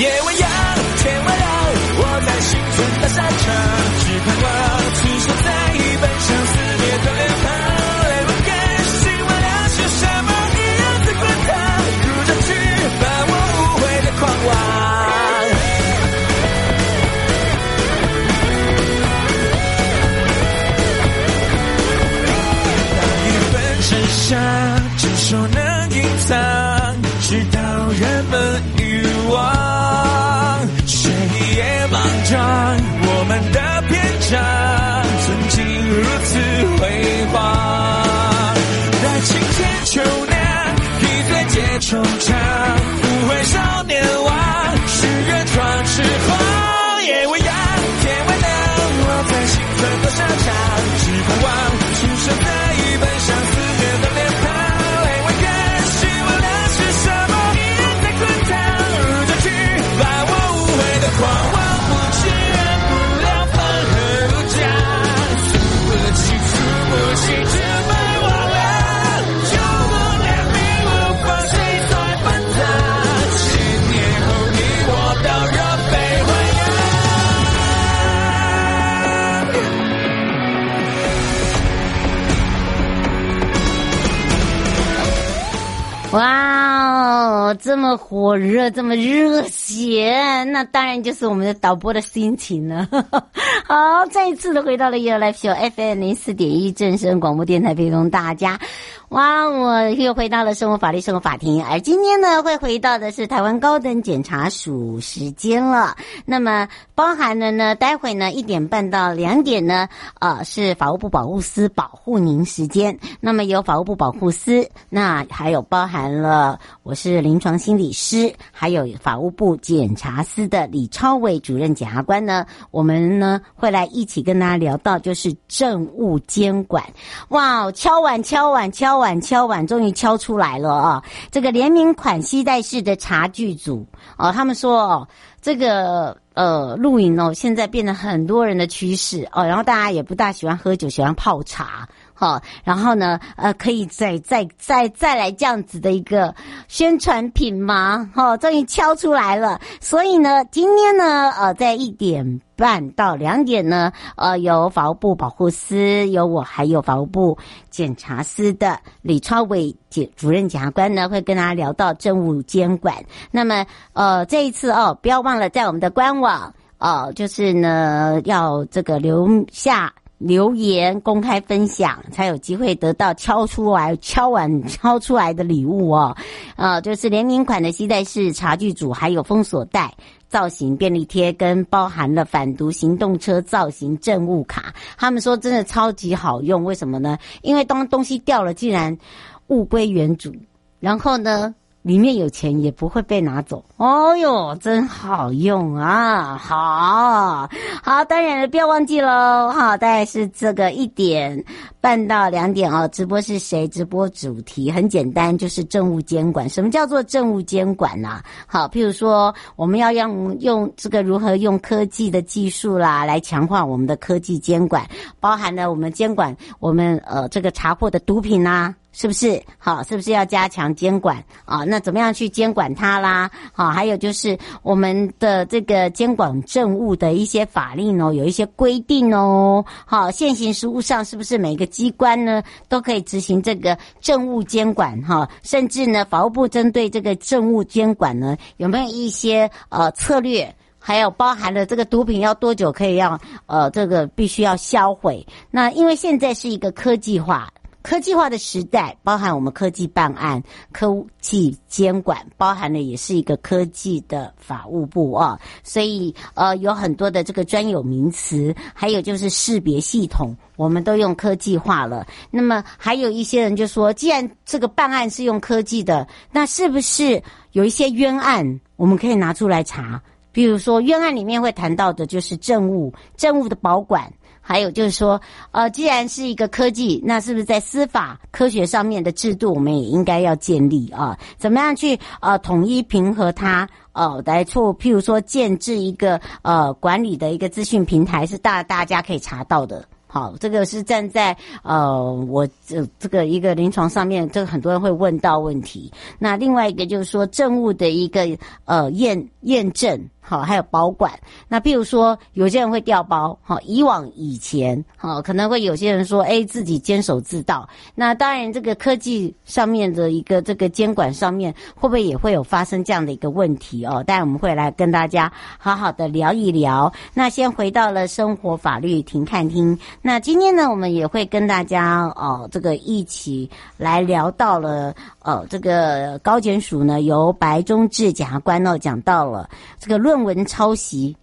夜未央，天未亮，我在幸存的沙場，只盼望。哦，這麼火熱，這麼熱血，那當然就是我們的導播的心情了。 好，再一次的回到了 Your Life Show FM 零四點一正聲廣播電台，陪同大家。哇！我又回到了《生活法律生活法庭》，而今天呢，會回到的是台灣高等檢察署時間了。那麼，包含了呢，待會呢一點半到兩點呢，呃，是法務部保護司保護您時間。那麼，由法務部保護司，那還有包含了我是臨床心理師，還有法務部檢察司的李超偉主任檢察官呢。我們呢會來一起跟大家聊到就是政務監管。哇！敲碗敲碗敲碗！敲碗敲碗，終於敲出來了啊！這個聯名款攜帶式的茶具組哦、呃，他們說、哦、這個呃露營哦，現在變得很多人的趨勢哦，然後大家也不大喜歡喝酒，喜歡泡茶。好，然後呢，呃，可以再再再再來這樣子的一個宣傳品嗎？哈、哦，終於敲出來了。所以呢，今天呢，呃，在一點半，到兩點呢，呃，由法務部保護司，由我還有法務部檢察司的李超偉檢主任檢察官呢，會跟大家聊到政務監管。那麼，呃，這一次哦，不要忘了在我們的官網哦、呃，就是呢，要這個留下。留言、公開分享，才有機會得到敲出來、敲完敲出來的禮物哦。啊、呃，就是聯名款的攜帶式茶具組，還有封鎖帶造型便利貼，跟包含了反毒行動車造型證物卡。他們說真的超級好用，為什麼呢？因為東東西掉了，竟然物歸原主。然後呢？裡面有錢也不會被拿走。哦呦，真好用啊！好好，當然了，不要忘記嘍，好，大概是這個一點半到兩點哦。直播是誰？直播主題很簡單，就是政務監管。什麼叫做政務監管啊？好，譬如說，我們要用用這個如何用科技的技術啦，來強化我們的科技監管，包含了我們監管我們呃這個查獲的毒品吶。是不是？好，是不是要加強監管啊？那怎麼樣去監管它啦？好、啊，還有就是我們的這個監管政務的一些法令哦，有一些規定哦。好、啊，現行實務上是不是每一個機關呢都可以執行這個政務監管？哈、啊，甚至呢，法務部針對這個政務監管呢，有沒有一些呃策略？還有包含了這個毒品要多久可以要呃這個必須要銷毀？那因為現在是一個科技化。科技化的時代，包含我們科技辦案、科技監管，包含了也是一個科技的法務部啊，所以呃有很多的這個專有名詞，還有就是識別系統，我們都用科技化了。那麼還有一些人就說，既然這個辦案是用科技的，那是不是有一些冤案，我們可以拿出來查？比如說冤案裡面會談到的就是證物，證物的保管。還有就是說，呃，既然是一個科技，那是不是在司法科學上面的制度，我們也應該要建立啊？怎麼樣去呃統一平和它，哦、呃，來促譬如說建置一個呃管理的一個資訊平台，是大大家可以查到的。好，這個是站在呃我這這個一個臨床上面，這個很多人會問到問題。那另外一個就是說政務的一個呃驗驗證。好，還有保管。那譬如說，有些人會掉包。哈，以往以前，好可能會有些人說，哎，自己監守自盜。那當然，這個科技上面的一個這個監管上面，會不會也會有發生這樣的一個問題哦？但我們會來跟大家好好的聊一聊。那先回到了生活法律停看聽。那今天呢，我們也會跟大家哦，這個一起來聊到了。哦，這個高檢署呢，由白忠志檢察官呢，講到了這個論文抄襲，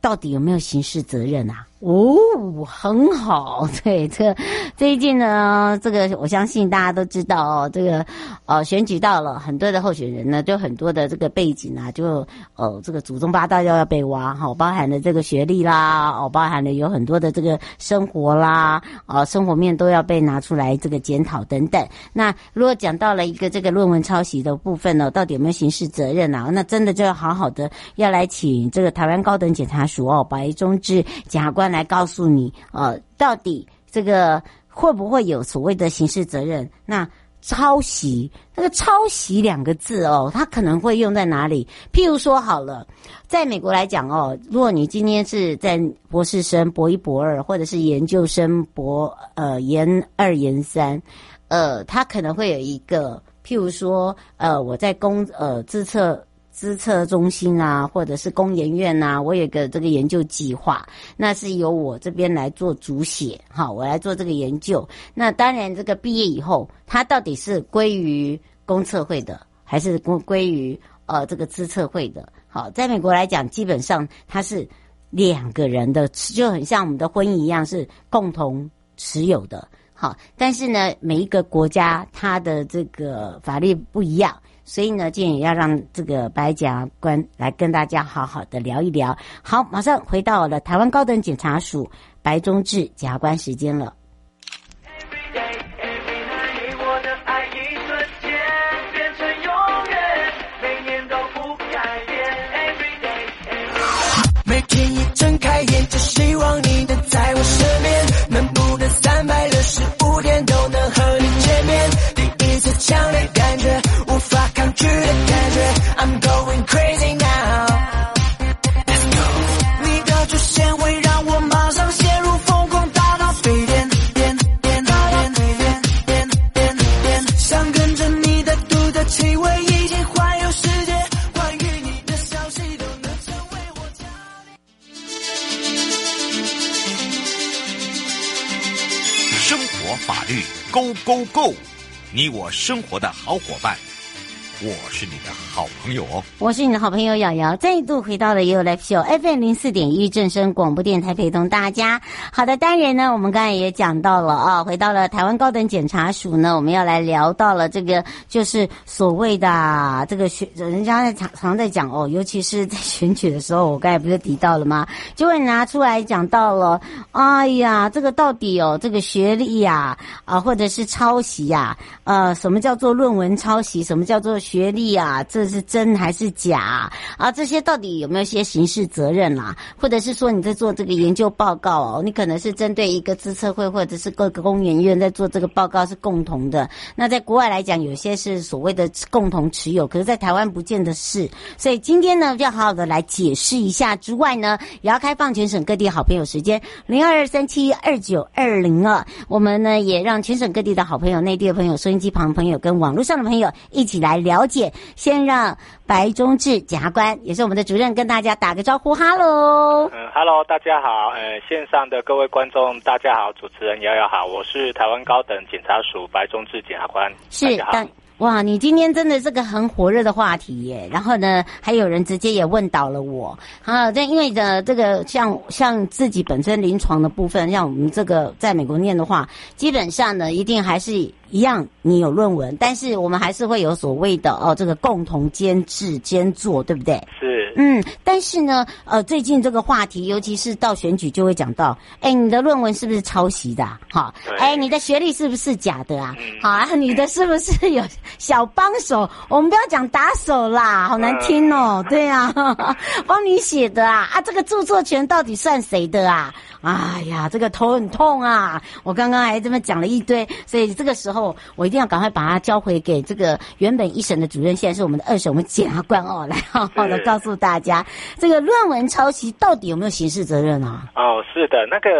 到底有沒有刑事責任啊？哦，很好，對這，最近呢，這個我相信大家都知道哦，這個哦、呃、選舉到了，很多的候選人呢，就很多的這個背景啊，就哦、呃、這個祖宗八代都要被挖好，哦，包含了這個學歷啦，哦，包含了有很多的這個生活啦，哦，生活面都要被拿出來這個檢討等等。那如果講到了一個這個論文抄襲的部分呢，到底有沒有刑事責任啊？那真的就要好好的要來請這個臺灣高等檢察署哦，白忠志檢察官，來告訴你，呃，到底這個會不會有所謂的刑事責任？那抄襲，那個抄襲兩個字哦，它可能會用在哪裡？譬如說，好了，在美國來講哦，如果你今天是在博士生博一博二，或者是研究生博呃研二研三，呃，他可能會有一個，譬如說，呃，我在公，呃，自測。資策中心啊，或者是工研院啊，我有個這個研究計劃，那是由我這邊來做主寫，好，我來做這個研究。那當然，這個畢業以後，它到底是歸於公測會的，還是歸歸於呃這個資策會的？好，在美國來講，基本上它是兩個人的，就很像我們的婚姻一樣，是共同持有的。好，但是呢，每一個國家它的這個法律不一樣。所以呢，建議要讓這個白甲官來跟大家好好的聊一聊。好，馬上回到了台灣高等檢察署白忠志甲官時間了。你我生活的好伙伴。我是你的好朋友，哦，我是你的好朋友瑤瑤，再一度回到了也有 Live FM 零四點一正聲廣播電台，陪同大家。好的，當然呢，我們剛才也講到了啊，回到了台灣高等檢察署呢，我們要來聊到了這個，就是所謂的這個學，人家在常常在講哦，尤其是在選舉的時候，我剛才不是提到了嗎？就會拿出來講到了，哎呀，這個到底哦，這個學歷呀、啊，啊，或者是抄襲呀、啊，呃，什麼叫做論文抄襲？什麼叫做？學歷啊，這是真還是假啊，啊？這些到底有沒有些刑事責任啦、啊？或者是說你在做這個研究報告哦？你可能是針對一個資策會，或者是各個工研院在做這個報告是共同的。那在國外來講，有些是所謂的共同持有，可是，在台灣不見得是。所以今天呢，就要好好的來解釋一下。之外呢，也要開放全省各地好朋友時間零二二三七二九二零二。我們呢，也讓全省各地的好朋友、內地的朋友、收音機旁朋友跟網絡上的朋友一起來聊。了解，先讓白忠志檢察官，也是我們的主任，跟大家打個招呼哈，哈嘍，嗯，哈嘍，大家好，呃，線上的各位觀眾，大家好，主持人瑤瑤好，我是台灣高等檢察署白忠志檢察官，是，你哇，你今天真的是個很火熱的話題耶！然後呢，還有人直接也問到了我啊！這因為的這個像像自己本身臨床的部分，像我們這個在美國念的話，基本上呢一定還是一樣，你有論文，但是我們還是會有所謂的哦，這個共同監制兼做，對不對？是嗯，但是呢，呃，最近這個話題，尤其是到選舉就會講到，哎，你的論文是不是抄襲的、啊？好、哦，哎對，你的學歷是不是假的啊？嗯、好啊，你的是不是有？小幫手，我們不要講打手啦，好難聽哦。對啊，幫 你寫的啊，啊，這個著作權到底算誰的啊？哎呀，這個頭很痛啊！我剛剛還這麼講了一堆，所以這個時候我一定要趕快把它交回給這個原本一審的主任，現在是我們的二審，我們檢察官哦，來好好的告訴大家，是這個論文抄襲到底有沒有刑事責任呢？啊？哦，是的，那個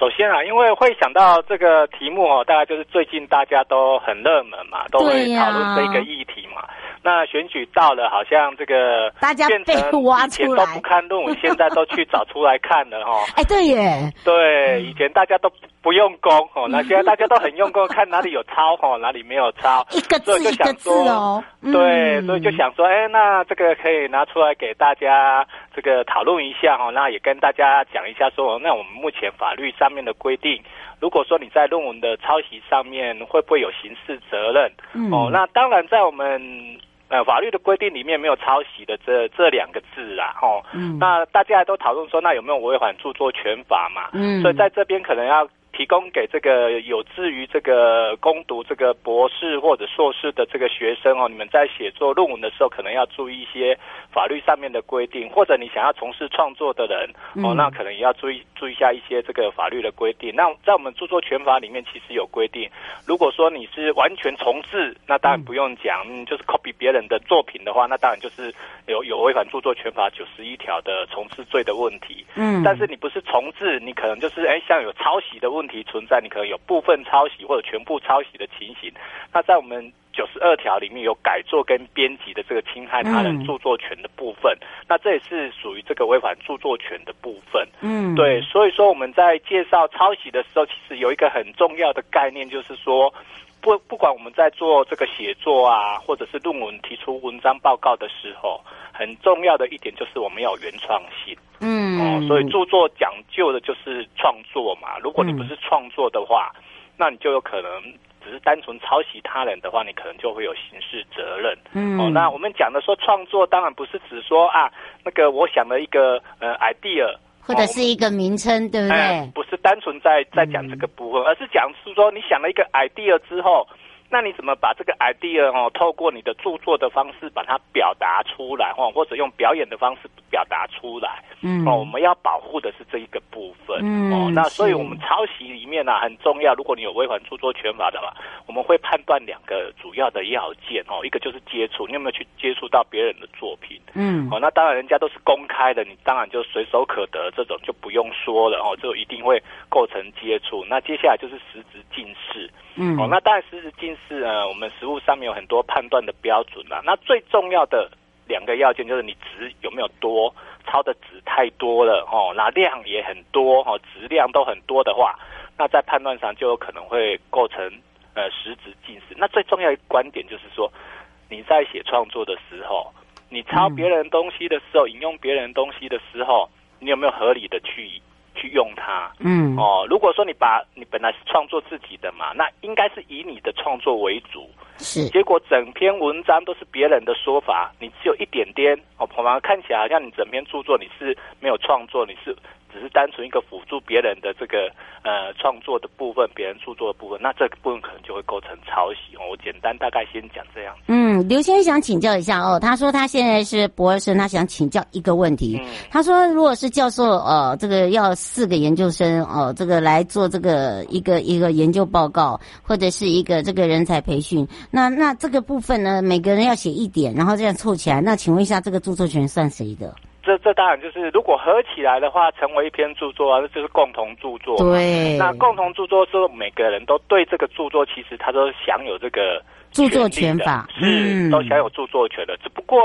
首先啊，因為會想到這個題目哦，大概就是最近大家都很熱門嘛，都會討論這個議題嘛。那選舉到了，好像這個大家被挖出來，以前都不看論文，現在都去找出來看了哈。哎、 欸，對耶，對，嗯、以前大家都不用功哦、 喔，那現在大家都很用功， 看哪裡有抄哈，哪裡沒有抄，一個字，所以就想說，哦嗯、對，所以就想說，哎、欸，那這個可以拿出來給大家這個討論一下哈、喔。那也跟大家講一下說，說那我們目前法律上面的規定，如果說你在論文的抄襲上面會不會有刑事責任？哦、嗯喔，那當然在我們。呃、嗯，法律的規定裡面沒有抄襲的這這兩個字啊，吼，嗯、那大家都討論說，那有沒有違反著作權法嘛？嗯，所以在這邊可能要。提供給這個有志於這個攻讀這個博士或者碩士的這個學生哦，你們在寫作論文的時候，可能要注意一些法律上面的規定，或者你想要從事創作的人哦，那可能也要注意注意一下一些這個法律的規定。那在我們著作權法裡面其實有規定，如果說你是完全重製，那當然不用講，就是 copy 別人的作品的話，那當然就是有有違反著作權法九十一條的重製罪的問題。嗯，但是你不是重製，你可能就是哎像有抄襲的問。題存在，你可能有部分抄襲或者全部抄襲的情形。那在我們九十二條裡面有改作跟編輯的這個侵害他人著作權的部分，嗯、那這也是屬於這個違反著作權的部分。嗯，對，所以說我們在介紹抄襲的時候，其實有一個很重要的概念，就是說，不不管我們在做這個寫作啊，或者是論文、提出文章、報告的時候，很重要的一點就是我們要有原創性。嗯，哦，所以著作講。舊的就是創作嘛，如果你不是創作的話，嗯、那你就有可能只是單純抄襲他人的話，你可能就會有刑事責任。嗯，哦，那我們講的說創作，當然不是指說啊，那個我想了一個呃 idea、哦、或者是一個名稱，對不對？呃、不是單純在在講這個部分，嗯、而是講是說你想了一個 idea 之後。那你怎麼把這個 idea 哦，透過你的著作的方式把它表達出來哦，或者用表演的方式表達出來，嗯，哦，我們要保護的是這一個部分，嗯、哦，那所以我們抄襲裡面呢、啊、很重要，如果你有違反著作權法的話，我們會判斷兩個主要的要件哦，一個就是接觸，你有沒有去接觸到別人的作品，嗯，哦，那當然人家都是公開的，你當然就隨手可得，這種就不用說了哦，就一定會構成接觸，那接下來就是實質近似，嗯，哦，那當然實質近。是呃、啊，我們實務上面有很多判斷的標準啦、啊。那最重要的兩個要件就是你字有沒有多抄的字太多了吼、哦，那量也很多哦，質量都很多的話，那在判斷上就有可能會構成呃實質近似。那最重要的觀點就是說，你在寫創作的時候，你抄別人東西的時候，引用別人東西的時候，你有沒有合理的去去用它，嗯，哦，如果說你把你本來是創作自己的嘛，那應該是以你的創作為主，是。結果整篇文章都是別人的說法，你只有一點點哦，旁邊看起來好像你整篇著作你是沒有創作，你是只是單純一個輔助別人的這個呃創作的部分，別人著作的部分，那這個部分可能就會構成抄襲哦。我簡單大概先講這樣子。嗯，劉先生想請教一下哦，他說他現在是博士生，他想請教一個問題，嗯、他說如果是教授，呃，這個要。四個研究生哦，這個來做這個一個一個研究報告，或者是一個這個人才培訓。那那這個部分呢，每個人要寫一點，然後這樣湊起來。那請問一下，這個著作權算誰的？這這當然就是，如果合起來的話，成為一篇著作，啊，就是共同著作。對，那共同著作是每個人都對這個著作，其實他都享有這個。著作權法、嗯、是都享有著作權的，嗯、只不過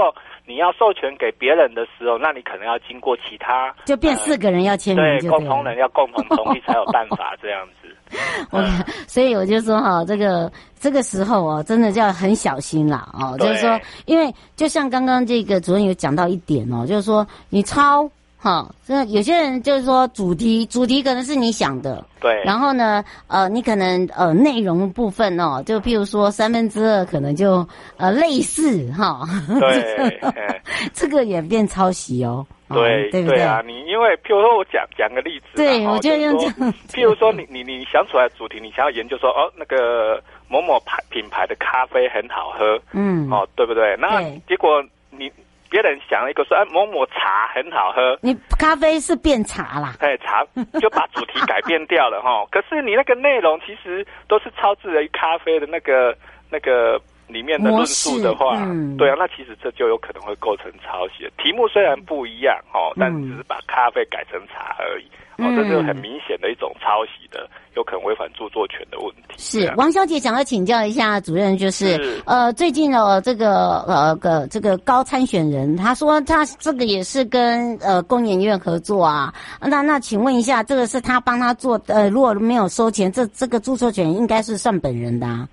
你要授權給別人的時候，那你可能要經過其他，就變四個人要簽名對、呃，對共同人要共同同意才有辦法這樣子。我，所以我就說哈、哦，這個這個時候啊、哦，真的就要很小心了哦，對就是說，因為就像剛剛這個主任有講到一點哦，就是說你抄。好，哦、所以有些人就是說主題，主題可能是你想的，對。然後呢，呃，你可能呃內容部分哦，就譬如說三分之二可能就呃類似哈。哦、對， 這個也變抄襲哦。對，哦、對，對，對啊？你因為譬如說，我講講個例子。對，哦、我就用這樣。對譬如說你，你你你想出來的主題，你想要研究說，哦，那個某某牌品牌的咖啡很好喝，嗯，哦，對不對？那對結果你。別人想了一個說，哎、啊，某某茶很好喝。你咖啡是變茶了？對，茶就把主題改變掉了哈、 哦。可是你那個內容其實都是抄自於咖啡的那個那個裡面的論述的話，嗯、對啊，那其實這就有可能會構成抄襲。題目雖然不一樣哦，但是只是把咖啡改成茶而已。哦，這個很明顯的一種抄襲的，嗯、有可能違反著作權的問題。啊、是王小姐想要請教一下主任，就是，是呃，最近的這個呃個這個高參選人，他說他這個也是跟呃工研院合作啊，那那請問一下，這個是他幫他做，呃如果沒有收錢，這這個著作權應該是算本人的。啊。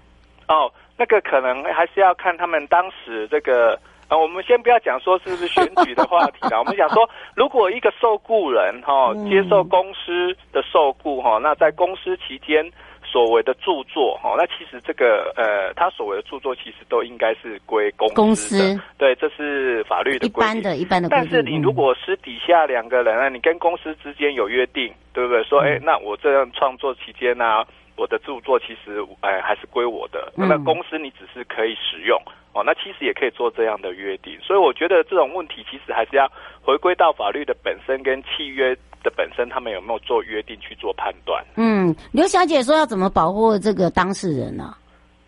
哦，那個可能還是要看他們當時這個。啊，我們先不要講說是不是選舉的話題了。 我們想說，如果一個受雇人哈、哦、接受公司的受雇哈、哦，那在公司期間所謂的著作哈、哦，那其實這個呃，他所謂的著作其實都應該是歸公,公司。公司對，這是法律的規定。一般的一般的規定。但是你如果私底下兩個人，你跟公司之間有約定，對不對？嗯、說，哎、欸，那我這樣創作期間呢、啊？我的著作其實，哎、欸，還是歸我的。嗯、那麼公司你只是可以使用哦，那其實也可以做這樣的約定。所以我覺得這種問題其實還是要回歸到法律的本身跟契約的本身，他們有沒有做約定去做判斷。嗯，劉小姐說要怎麼保護這個當事人呢、啊？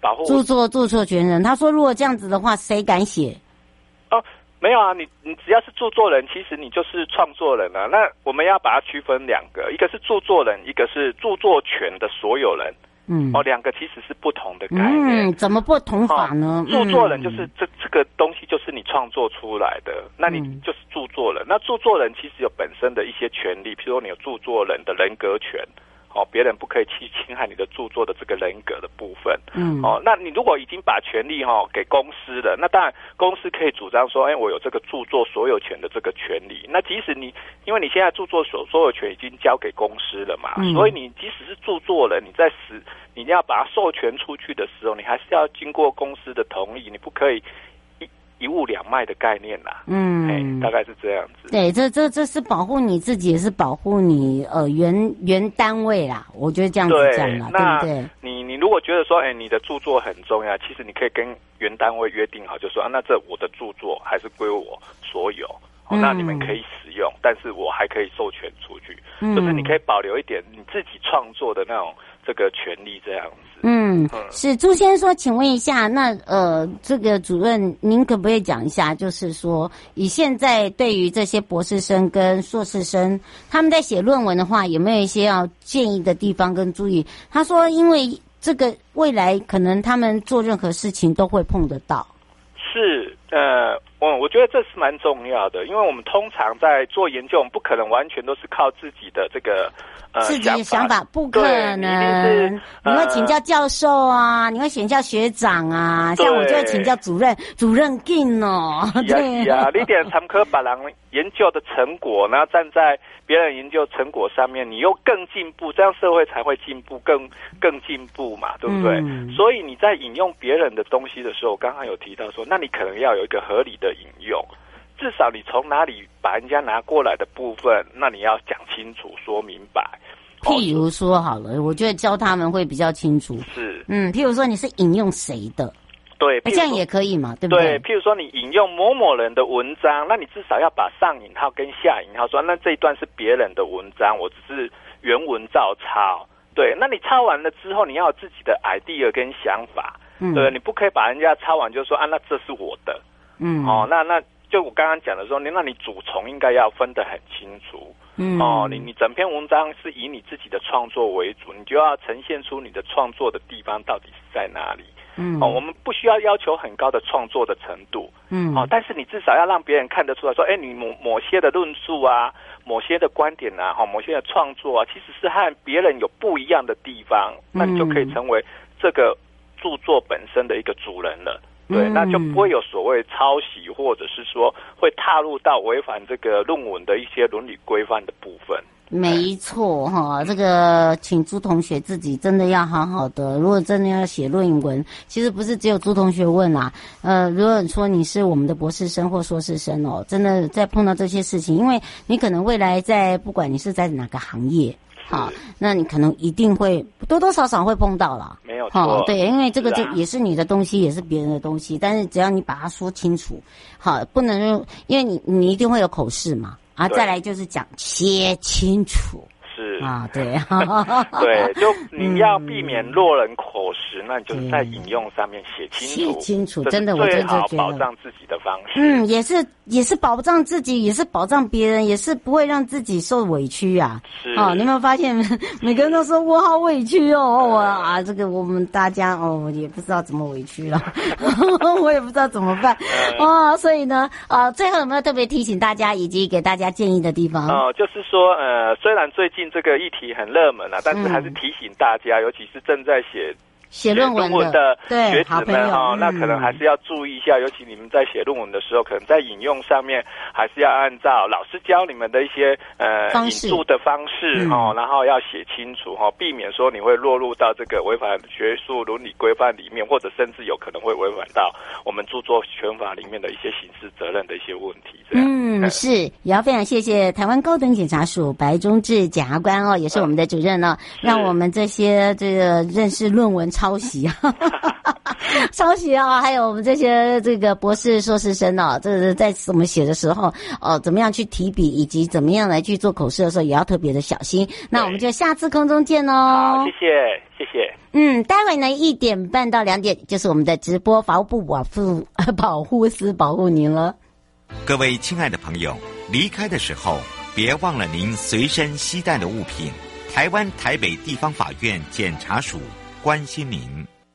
保護著作著作權人。她說如果這樣子的話，誰敢寫？哦、啊。沒有啊，你你只要是著作人，其實你就是創作人了、啊。那我們要把它區分兩個，一個是著作人，一個是著作權的所有人。嗯，哦，兩個其實是不同的概念。嗯，怎麼不同法呢？哦、著作人就是、嗯、這這個東西就是你創作出來的，那你就是著作人。嗯、那著作人其實有本身的一些權利，譬如說你有著作人的人格權。哦，別人不可以去侵害你的著作的這個人格的部分。嗯，哦，那你如果已經把權利哈、哦、給公司了，那當然公司可以主張說，哎，我有這個著作所有權的這個權利。那即使你，因為你現在著作所所有權已經交給公司了嘛，嗯、所以你即使是著作人，你在使你要把它授權出去的時候，你還是要經過公司的同意，你不可以。一物兩賣的概念啦，嗯，哎、欸，大概是這樣子。對，這這這是保護你自己，也是保護你呃原原單位啦。我覺得這樣子講啊，對，對不對？你你如果覺得說，哎、欸，你的著作很重要，其實你可以跟原單位約定好，就是、說啊，那這我的著作還是歸我所有，哦嗯、那你們可以使用，但是我還可以授權出去，嗯、就是你可以保留一點你自己創作的那種。這個權利這樣子，嗯，是朱先生說，請問一下，那呃，這個主任，您可不可以講一下，就是說，以現在對於這些博士生跟碩士生，他們在寫論文的話，有沒有一些要建議的地方跟注意？他說，因為這個未來可能他們做任何事情都會碰得到，是呃。我我覺得這是蠻重要的，因為我們通常在做研究，我們不可能完全都是靠自己的這個呃自己的想法，想法不可能。你，你會請教教授啊，呃、你會請教學長啊，對像我就會請教主任，對主任更哦。對呀，你只能參考別人。研究的成果，然後站在別人研究成果上面，你又更進步，這樣社會才會進步，更更進步嘛，對不對？嗯、所以你在引用別人的東西的時候，剛剛有提到說，那你可能要有一個合理的引用，至少你從哪裡把人家拿過來的部分，那你要講清楚、說明白。哦、譬如說，好了，我覺得教他們會比較清楚。是，嗯，譬如說你是引用誰的？對，這樣也可以嘛，對不對？對，譬如說你引用某某人的文章，那你至少要把上引號跟下引號說，那這一段是別人的文章，我只是原文照抄。對，那你抄完了之後，你要有自己的 idea 跟想法，對，嗯，你不可以把人家抄完就說啊，那這是我的。嗯，哦，那那就我剛剛講的說，你那你主從應該要分得很清楚。嗯，哦，你你整篇文章是以你自己的創作為主，你就要呈現出你的創作的地方到底是在哪裡。嗯，哦，我們不需要要求很高的創作的程度，嗯，哦，但是你至少要讓別人看得出來說，哎、欸，你某某些的論述啊，某些的觀點啊，哈、哦，某些的創作啊，其實是和別人有不一樣的地方，那你就可以成為這個著作本身的一個主人了，嗯、對，那就不會有所謂抄襲，或者是說會踏入到違反這個論文的一些倫理規範的部分。沒錯哈，這個請朱同學自己真的要好好的。如果真的要寫論文，其實不是只有朱同學問啦，啊。呃，如果你說你是我們的博士生或碩士生哦，真的在碰到這些事情，因為你可能未來在不管你是在哪個行業，好是，那你可能一定會多多少少會碰到啦。沒有錯，對，因為這個就也是你的東西，是啊，也是別人的東西，但是只要你把它說清楚，好，不能因為你你一定會有口試嘛。啊，對再來就是講切清楚。啊，對是， 對，就你要避免落人口實，嗯、那你就在引用上面寫清楚，清，清楚，真的，我最好保障自己的方式就覺得。嗯，也是，也是保障自己，也是保障別人，也是不會讓自己受委屈啊。是哦，你有沒有發現每個人都說我好委屈哦，我、嗯哦、啊，這個我們大家哦，我也不知道怎麼委屈了，嗯、呵呵我也不知道怎麼辦啊、嗯。所以呢，啊、呃，最後有沒有特別提醒大家以及給大家建議的地方？哦，就是說，呃，雖然最近。這個議題很熱門啊，但是還是提醒大家，嗯、尤其是正在寫寫論文的，論文的對，學子們哦，嗯、那可能還是要注意一下，嗯、尤其你們在寫論文的時候，可能在引用上面還是要按照老師教你們的一些呃方式，引注的方式哦，嗯、然後要寫清楚哈、哦，避免說你會落入到這個違反學術倫理規範裡面，或者甚至有可能會違反到我們著作權法裡面的一些刑事責任的一些問題。嗯，嗯，是，也要非常謝謝台灣高等檢察署白忠志檢察官哦，也是我們的主任呢、哦，嗯、讓我們這些這個認識論文。抄襲啊，抄襲 啊！還有我們這些這個博士、碩士生呢、啊，這是在我們寫的時候哦？怎麼樣去提筆，以及怎麼樣來去做口試的時候，也要特別的小心。對那我們就下次空中見嘍！好，謝謝，謝謝。嗯，待會呢，一點半到兩點就是我們的直播法務部保護保護司保護您了。各位親愛的朋友，離開的時候別忘了您隨身攜帶的物品。台灣台北地方法院檢察署。關心您。